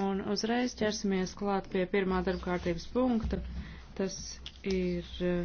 Un uzreiz ķersimies klāt pie pirmā darba kārtības punkta. Tas ir